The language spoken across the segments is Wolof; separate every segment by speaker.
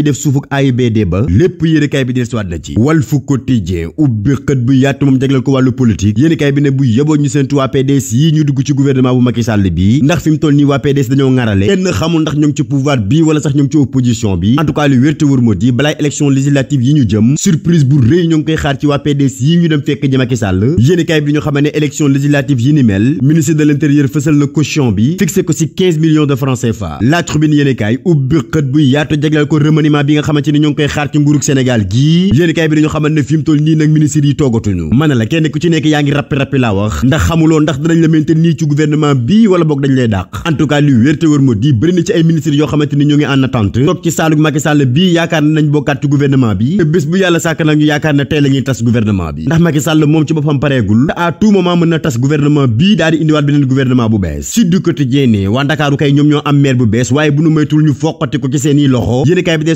Speaker 1: ñuy def suufuk AIBD ba lépp yéenekaay bi dee siwaat na ci Walf Quotidien ubbi xët bu yaatu moom jagleel ko wàllu politique yéenekaay bi ne bu yeboo ñu seentu waa PDS yii ñu dugg ci gouvernement bu Macky bi ndax fi toll nii waa PDS dañoo ŋarale kenn xamul ndax ñu ci pouvoir bi wala sax ñu ci opposition bi en tout cas lu balaay élection législative yi ñu jëm surprise bu rëy ñu koy xaar ci waa PDS yi ñu dem fekk ji Macky remaniement bi nga xamante ni ñu ngi koy xaar ci nguurug Sénégal gii yéeni kaay bi dañu xamal ne fi mu nii nag ministre yi toogatuñu mana la kenn ku ci nekk yaa ngi rappi-rappi laa wax ndax xamuloo ndax danañ la maintenir ci gouvernement bi wala boog dañ lay dàq en tout cas moo di bëri na ci ay ministres yoo xamante ni ñu ngi en attente toog ci saalug Macky Sall bi yaakaar ne bokkaat ci gouvernement bi te bés bu yàlla sàkk nag ñu yaakaar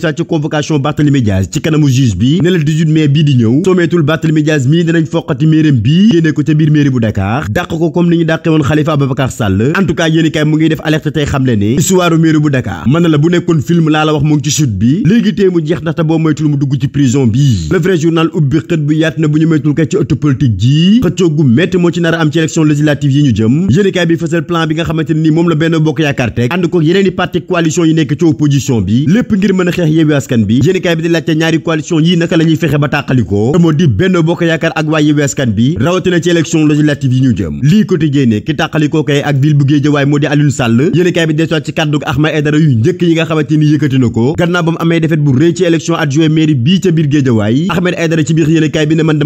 Speaker 1: Moussa ci convocation Barthélemy Diaz ci kanamu juge bi ne la 18 di ñëw soo meetul Barthélemy Diaz mii dinañ foqati mairéem bii génne ko ca biir mairie bu Dakar dàq ko comme ni ñu dàqe woon Khalifa Ababacar Sall en tout cas mu ngi def alerte tey xam le histoire mairie bu Dakar mën na la bu nekkoon film laa la wax mu ci chute bi léegi tey jeex ndaxte boo moytul mu dugg ci prison bi le vrai journal ubbi xët bu yaat na bu ñu moytul ci ëttu Yewwi Askan bi yéenekaay bi di laajte ñaari coalition yii naka la fexe ba tàqalikoo te di Benno Bokk Yaakaar ak waa Yewwi bi rawatina ci élection législative yi ñu jëm lii quotidien ne ki tàqalikoo kay ak ville bu Guédiawaye moo di Aliou Sall yéenekaay bi desuwaat ci kàddu Ahmed Aïdara yu njëkk yi nga xamante ni ko gannaaw ba amee defet bu rëy ci élection adjoint mairie bii ca biir Guédiawaye Ahmed Aïdara ci biir yéenekaay bi ne man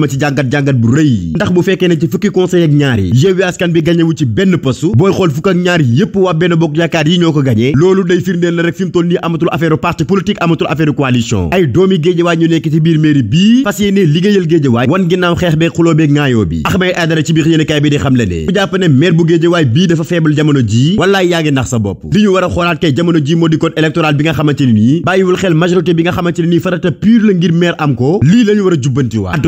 Speaker 1: dootul affaire ay doomi géejawaay ñu nekk ci biir mairie bii fas yéene liggéeyal géejawaay wan ginnaaw xeex beeg xuloo beeg ŋaayoo bi Ahmed Aidara ci biir yéenekaay bi di xam le ne ku jàpp ne bu géejawaay bii dafa faible jamono ji wallaay yaa ngi nax sa bopp li ñu war xoolaat kay jamono ji moo di bi nga xamante nii bàyyiwul xel majorité bi nga xamante nii farata pur la ngir maire am ko lii la ñu war a jubbantiwaat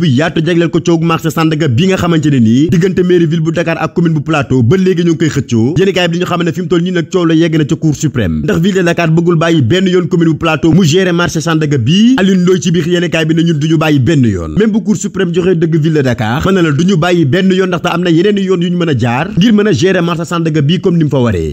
Speaker 1: bu yaatu jagleel ko coowug marché Sandaga bi nga xamante ne nii diggante mairie bu Dakar ak commune bu Plateau ba léegi ñu koy xëccoo yéenekaay bi li ñu xam ne fi nii nag coow la yegg na ca cour suprême ndax ville de bëggul bàyyi benn yoon commune bu Plateau mu gérer marché Sandaga bii Alioune ci biir yéenekaay bi ne ñun duñu bàyyi benn yoon ndaxte am na yeneen yoon yu ñu mën a jaar ngir mën a gérer marché Sandaga bii comme ni mu fa waree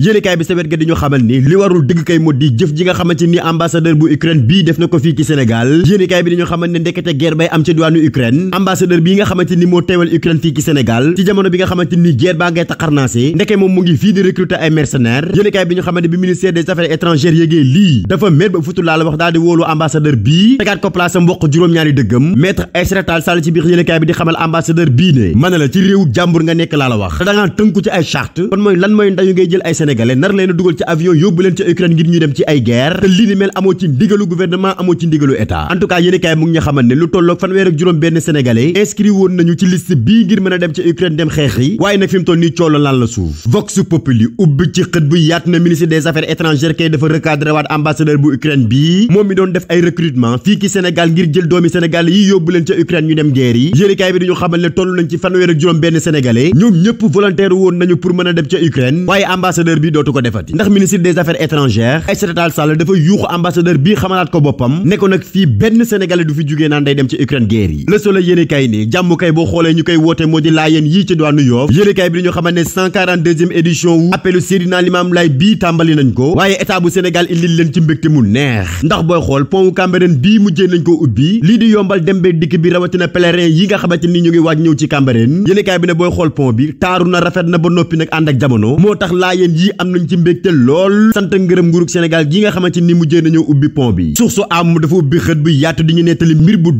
Speaker 1: Ukraine ambassadeur bi nga xamante ni moo teewal Ukraine fii ci Sénégal ci jamono bi nga xamante ni guerre baa ngay taxarnaase ndeke moom mu ngi fii di recruter ay mercenaires yéenekaay bi ñu xamante bi ministère des affaires étrangères yéegee lii dafa mer ba futu laa la wax daal di wóolu ambassadeur bii ne mën ci réewu jàmbur nga nekk laa la wax te dangaa tënku ci ay charte kon mooy lan mooy ndayu ngay jël ay sénégalais nar leen a dugal ci avion yóbbu leen ci Ukraine ne sénégalais inscrit woon nañu ci liste bii ngir mën a dem ci Ukraine dem xeex yi waaye nag fi toll nii coow la na suuf vox populi ubbi ci xët bu yaatu na ministre des affaires étrangères kay dafa recadré waat ambassadeur bu Ukraine bii moom mi doon def ay recrutement fii ci Sénégal ngir jël doomi Sénégal yi yóbbu ca Ukraine ñu dem guerre yi yéenekaay bi dañu xamal ne toll nañ ci fanweer ak juróom benn sénégalais ñoom ñëpp volontaire woon nañu pour mën a dem ca Ukraine waaye ambassadeur bi dootu ko defati ndax ministre des affaires étrangères Aïssata Tall Sall dafa yuuxu ambassadeur bii ko boppam ne ko fii benn sénégalais du fi jugee naan dem solo yéen kay ni jàmm kay boo xoolee ñu koy woote moo di laayeen yii ci diwaanu Yoof yéen kay bi dañoo xamante ne 142e édition wu appelu Seydina Limaamu Laay bii tàmbali nañ ko waaye état bu Sénégal leen ci mbégte mu neex ndax booy xool pont wu Cambérène bii mujjee nañ ko ubbi lii di yombal dem bee dikk bi rawatina pèlerin yi nga xamante ni ñu ngi waaj ñëw ci Cambérène yéen kay bi ne booy xool pont bi taaru na rafet na ba noppi nag ànd ak moo tax laayeen yi am nañ ci mbégte lool sant ngërëm nguurug Sénégal gi nga ni mujjee nañoo ubbi bi source am dafa ubbi xët bu yaatu di ñu nettali mbir bu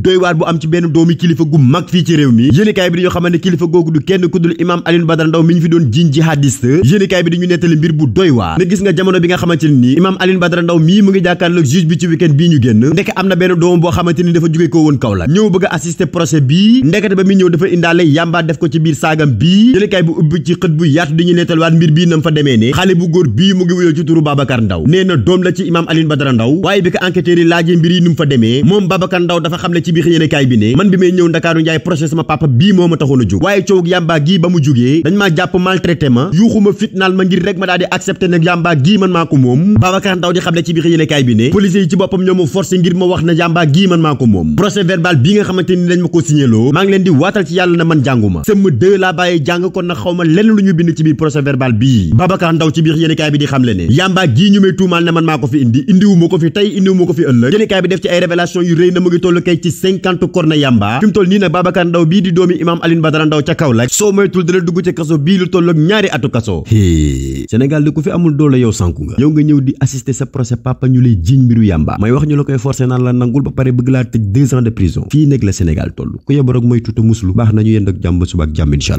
Speaker 1: kilifa gu mag fii ci réew mi yéenekaay bi dañoo xamante kilifa googu du kenn ku dul imaam Alioune Badara Ndao mi ñu fi doon jiiñ jihadiste yéenekaay bi dañu nettali mbir bu doy waar ne gis nga jamono bi nga xamante ne imaam Alioune Badara Ndao mii mu ngi jàkkaarloog juge bi ci week bii ñu génn ndeke am na benn doomam boo xamante ni dafa jóge ko woon Kaolack ñëw bëgg a assister procès bii ndekete ba muy ñëw dafa indaale yàmbaat def ko ci biir saagam bii yéenekaay bi bi ko enquêteurs yi laajee mbir yi nu mu fa demee moom Babacar Ndao dafa xam ne ci biir yéenekaay bi may ñëw ndakaaru njaay projet sama papa bii moo ma taxoon a jóg waaye coowug yàmbaa gii ba mu jógee dañ maa jàpp maltraité ma yuuxuma fitnaal ma ngir rek ma daal di accepté ne yàmbaa man maa ko moom Babacar Ndaw di nga xamante ni dañ ma ko signéloo maa ngi leen di waatal ci yàlla na man jànguma sëmm deux laa bàyyi jàng kon na xaw lenn lu ñu bind ci biir procès verbal bii Babacar Ndaw ci biir yéenekaay bi di xam le ne yàmbaa ñu may tuumaal na mu fi mu toll nii nag Babacar Ndaw bii di doomi imaam Alioune Badara Ndaw ca Kaolack soo moytul dana dugg ca kaso bii lu tolloog ñaari atu kaso Sénégal di ku fi amul doole yow sànku nga yow nga ñëw di assister sa procès papa ñu lay jiiñ mbiru yàmba may wax ñu la la nangul ba pare bëgg laa tëj deux ans de prison fii nag la Sénégal toll ku yeborog moytu te muslu baax nañu yend ak suba ak jàmm incha